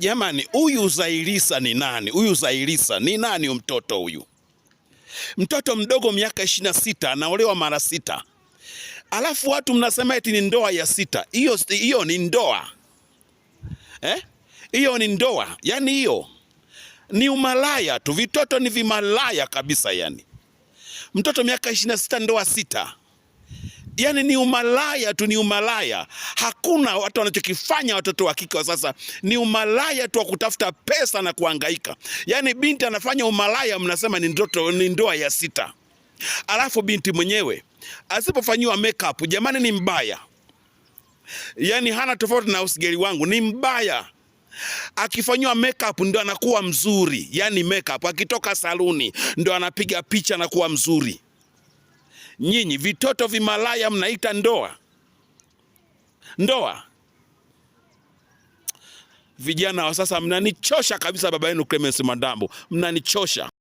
jamani, huyu Zailisa ni nani? Huyu Zailisa ni nani? Mtoto huyu mtoto mdogo miaka ishirini na sita anaolewa mara sita, alafu watu mnasema eti ni ndoa ya sita. Hiyo hiyo ni ndoa eh? hiyo Ni ndoa yani, hiyo ni umalaya tu, vitoto ni vimalaya kabisa yani. Mtoto miaka ishirini na sita ndoa sita yani ni umalaya tu, ni umalaya. Hakuna watu wanachokifanya watoto wa kike wa sasa, ni umalaya tu wa kutafuta pesa na kuangaika. Yani binti anafanya umalaya, mnasema ni ndoto, ni ndoa ya sita, alafu binti mwenyewe asipofanyiwa makeup, jamani, ni mbaya. Yani hana tofauti na usigeli wangu, ni mbaya akifanyiwa makeup ndo anakuwa mzuri, yani makeup. Akitoka saluni ndo anapiga picha na kuwa mzuri nyinyi vitoto vimalaya mnaita ndoa ndoa. Vijana wa sasa mnanichosha kabisa, baba yenu Clemence Madambo, mnanichosha.